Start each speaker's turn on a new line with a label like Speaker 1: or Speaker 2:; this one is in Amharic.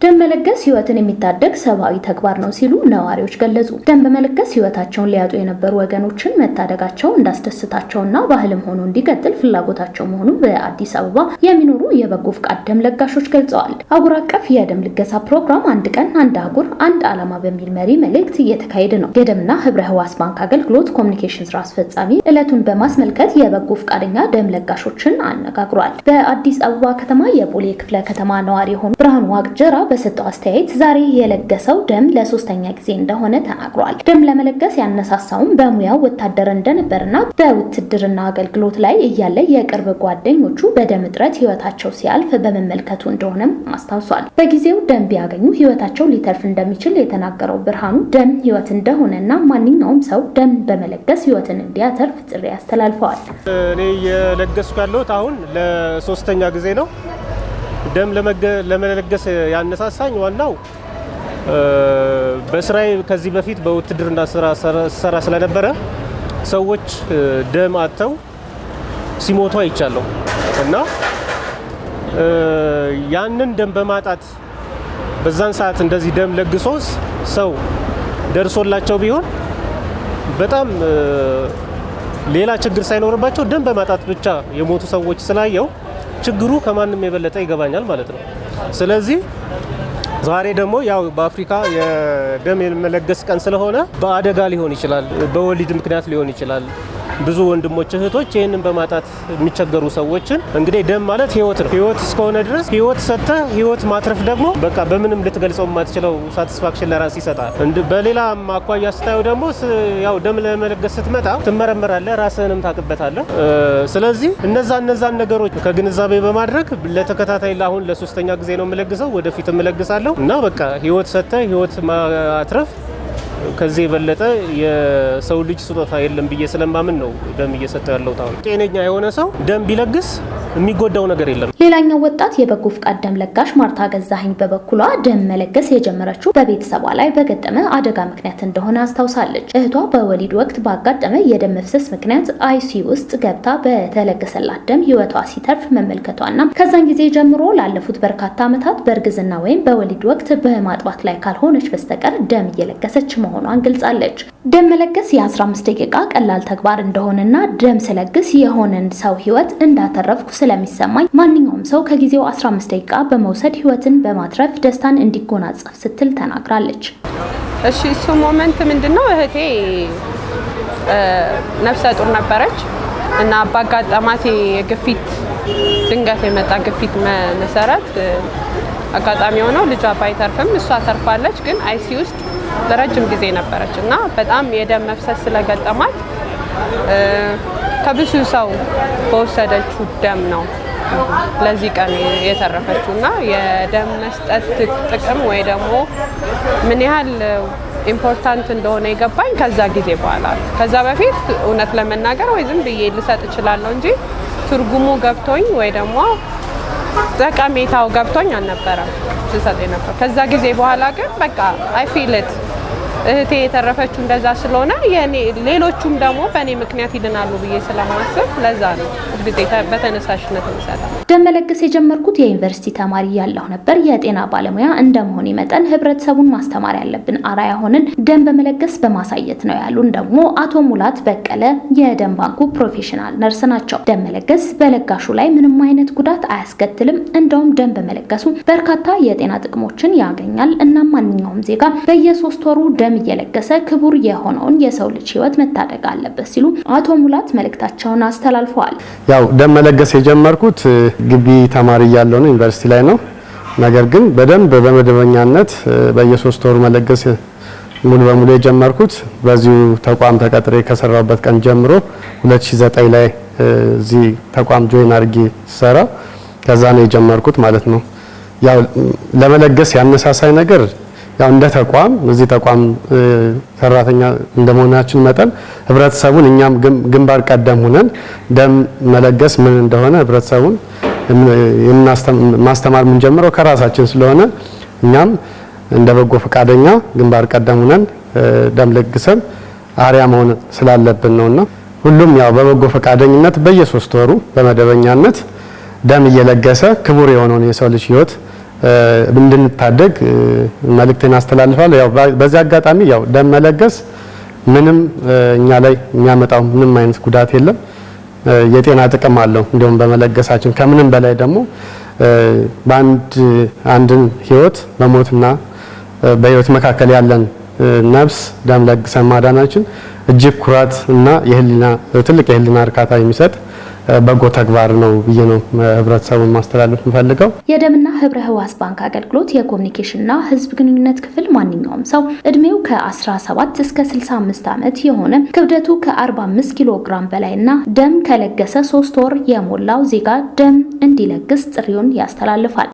Speaker 1: Till መለገስ ህይወትን የሚታደግ ሰብአዊ ተግባር ነው ሲሉ ነዋሪዎች ገለጹ። ደም በመለገስ ህይወታቸውን ሊያጡ የነበሩ ወገኖችን መታደጋቸው እንዳስደስታቸውና ባህልም ሆኖ እንዲቀጥል ፍላጎታቸው መሆኑ በአዲስ አበባ የሚኖሩ የበጎ ፍቃድ ደም ለጋሾች ገልጸዋል። አህጉር አቀፍ የደም ልገሳ ፕሮግራም አንድ ቀን አንድ አህጉር አንድ ዓላማ በሚል መሪ መልእክት እየተካሄደ ነው። የደምና ህብረ ህዋስ ባንክ አገልግሎት ኮሚኒኬሽን ስራ አስፈጻሚ ዕለቱን በማስመልከት የበጎ ፍቃደኛ ደም ለጋሾችን አነጋግሯል። በአዲስ አበባ ከተማ የቦሌ ክፍለ ከተማ ነዋሪ የሆኑ ብርሃኑ ዋቅጀራ በሰ በሰጠው አስተያየት ዛሬ የለገሰው ደም ለሶስተኛ ጊዜ እንደሆነ ተናግሯል። ደም ለመለገስ ያነሳሳውም በሙያው ወታደር እንደነበርና በውትድርና አገልግሎት ላይ እያለ የቅርብ ጓደኞቹ በደም እጥረት ህይወታቸው ሲያልፍ በመመልከቱ እንደሆነም አስታውሷል። በጊዜው ደም ቢያገኙ ህይወታቸው ሊተርፍ እንደሚችል የተናገረው ብርሃኑ ደም ህይወት እንደሆነ እና ማንኛውም ሰው ደም በመለገስ ህይወትን እንዲያተርፍ ጥሪ አስተላልፈዋል።
Speaker 2: እኔ እየለገስኩ ያለሁት አሁን ለሶስተኛ ጊዜ ነው። ደም ለመለገስ ያነሳሳኝ ዋናው በስራዬ ከዚህ በፊት በውትድርና ስራ ሰራ ስለነበረ ሰዎች ደም አጥተው ሲሞቱ አይቻለሁ እና ያንን ደም በማጣት በዛን ሰዓት እንደዚህ ደም ለግሶ ሰው ደርሶላቸው ቢሆን በጣም ሌላ ችግር ሳይኖርባቸው ደም በማጣት ብቻ የሞቱ ሰዎች ስላየው ችግሩ ከማንም የበለጠ ይገባኛል ማለት ነው። ስለዚህ ዛሬ ደግሞ ያው በአፍሪካ የደም የመለገስ ቀን ስለሆነ በአደጋ ሊሆን ይችላል፣ በወሊድ ምክንያት ሊሆን ይችላል ብዙ ወንድሞች እህቶች ይህንን በማጣት የሚቸገሩ ሰዎችን እንግዲህ ደም ማለት ህይወት ነው። ህይወት እስከሆነ ድረስ ህይወት ሰጥተህ ህይወት ማትረፍ ደግሞ በቃ በምንም ልትገልጸው የማትችለው ሳቲስፋክሽን ለራስ ይሰጣል። በሌላ አኳያ ስታየው ደግሞ ያው ደም ለመለገስ ስትመጣ ትመረመራለህ፣ ራስህንም ታቅበታለህ። ስለዚህ እነዛ እነዛን ነገሮች ከግንዛቤ በማድረግ ለተከታታይ ለአሁን ለሶስተኛ ጊዜ ነው የምለግሰው፣ ወደፊት እምለግሳለሁ እና በቃ ህይወት ሰጥተህ ህይወት ማትረፍ ከዚህ የበለጠ የሰው ልጅ ስጦታ የለም ብዬ ስለማምን ነው ደም እየሰጠ ያለው። ጤነኛ የሆነ ሰው ደም ቢለግስ የሚጎዳው ነገር የለም።
Speaker 1: ሌላኛው ወጣት የበጎ ፍቃድ ደም ለጋሽ ማርታ ገዛኸኝ በበኩሏ ደም መለገስ የጀመረችው በቤተሰቧ ላይ በገጠመ አደጋ ምክንያት እንደሆነ አስታውሳለች። እህቷ በወሊድ ወቅት ባጋጠመ የደም መፍሰስ ምክንያት አይሲ ውስጥ ገብታ በተለገሰላት ደም ህይወቷ ሲተርፍ መመልከቷና ከዛን ጊዜ ጀምሮ ላለፉት በርካታ ዓመታት በእርግዝና ወይም በወሊድ ወቅት በማጥባት ላይ ካልሆነች በስተቀር ደም እየለገሰች መሆኗን ገልጻለች። ደም መለገስ የ15 ደቂቃ ቀላል ተግባር እንደሆነና ደም ስለግስ የሆነን ሰው ህይወት እንዳተረፍኩ ስለሚሰማኝ ማንኛውም ሰው ከጊዜው 15 ደቂቃ በመውሰድ ህይወትን በማትረፍ ደስታን እንዲጎናጸፍ ስትል ተናግራለች።
Speaker 3: እሺ እሱ ሞመንት ምንድን ነው? እህቴ ነፍሰ ጡር ነበረች እና በአጋጣማት የግፊት ድንገት የመጣ ግፊት መሰረት አጋጣሚ ሆነው ልጇ ባይተርፍም እሷ ተርፋለች። ግን አይሲ ውስጥ ለረጅም ጊዜ ነበረች እና በጣም የደም መፍሰስ ስለገጠማት ከብዙ ሰው በወሰደችው ደም ነው ለዚህ ቀን የተረፈችው እና የደም መስጠት ጥቅም ወይ ደግሞ ምን ያህል ኢምፖርታንት እንደሆነ የገባኝ ከዛ ጊዜ በኋላ ነው። ከዛ በፊት እውነት ለመናገር ወይ ዝም ብዬ ልሰጥ እችላለሁ እንጂ ትርጉሙ ገብቶኝ ወይ ደግሞ ጠቀሜታው ገብቶኝ አልነበረም ስሰጥ ነበር። ከዛ ጊዜ በኋላ ግን በቃ አይ ፊል ኢት እህቴ የተረፈችው እንደዛ ስለሆነ ሌሎቹም ደግሞ በእኔ ምክንያት ይድናሉ ብዬ ስለማስብ ለዛ ነው ግዴታ በተነሳሽነት እንሰራለን።
Speaker 1: ደም የጀመርኩት የዩኒቨርሲቲ ተማሪ ያለሁ ነበር። የጤና ባለሙያ እንደመሆኔ መጠን ህብረተሰቡን ማስተማር ያለብን አርአያ ሆንን ደም በመለገስ በማሳየት ነው ያሉን ደግሞ አቶ ሙላት በቀለ የደም ባንኩ ፕሮፌሽናል ነርስ ናቸው። ደመለገስ በለጋሹ ላይ ምንም አይነት ጉዳት አያስከትልም። እንደውም ደም በመለገሱ በርካታ የጤና ጥቅሞችን ያገኛል እና ማንኛውም ዜጋ በየሶስት ወሩ ደም ደም እየለገሰ ክቡር የሆነውን የሰው ልጅ ህይወት መታደግ አለበት ሲሉ አቶ ሙላት መልእክታቸውን አስተላልፈዋል።
Speaker 4: ያው ደም መለገስ የጀመርኩት ግቢ ተማሪ እያለሁ ነው፣ ዩኒቨርሲቲ ላይ ነው። ነገር ግን በደንብ በመደበኛነት በየሶስት ወሩ መለገስ ሙሉ በሙሉ የጀመርኩት በዚሁ ተቋም ተቀጥሬ ከሰራሁበት ቀን ጀምሮ 2009 ላይ እዚህ ተቋም ጆይን አድርጌ ሰራ ከዛ ነው የጀመርኩት ማለት ነው። ያው ለመለገስ ያነሳሳይ ነገር ያው እንደ ተቋም እዚህ ተቋም ሰራተኛ እንደመሆናችን መጠን ህብረተሰቡን እኛም ግንባር ቀደም ሆነን ደም መለገስ ምን እንደሆነ ህብረተሰቡን ማስተማር የምንጀምረው ከራሳችን ስለሆነ እኛም እንደ በጎ ፈቃደኛ ግንባር ቀደም ሆነን ደም ለግሰን አሪያ መሆን ስላለብን ነውና ሁሉም ያው በበጎ ፈቃደኝነት በየሶስት ወሩ በመደበኛነት ደም እየለገሰ ክቡር የሆነውን የሰው ልጅ ህይወት እንድንታደግ መልእክቴን አስተላልፋለሁ። ያው በዚህ አጋጣሚ ያው ደም መለገስ ምንም እኛ ላይ የሚያመጣው ምንም አይነት ጉዳት የለም፣ የጤና ጥቅም አለው። እንዲሁም በመለገሳችን ከምንም በላይ ደግሞ በአንድ አንድን ህይወት በሞትና በህይወት መካከል ያለን ነፍስ ደም ለግሰን ማዳናችን እጅግ ኩራት እና የህሊና ትልቅ የህሊና እርካታ የሚሰጥ በጎ ተግባር ነው ብዬ ነው ህብረተሰቡን ማስተላለፍ የምፈልገው።
Speaker 1: የደምና ህብረ ህዋስ ባንክ አገልግሎት የኮሚኒኬሽንና ህዝብ ግንኙነት ክፍል ማንኛውም ሰው እድሜው ከ17 እስከ 65 ዓመት የሆነ ክብደቱ ከ45 ኪሎ ግራም በላይ እና ደም ከለገሰ ሶስት ወር የሞላው ዜጋ ደም እንዲለግስ ጥሪውን ያስተላልፋል።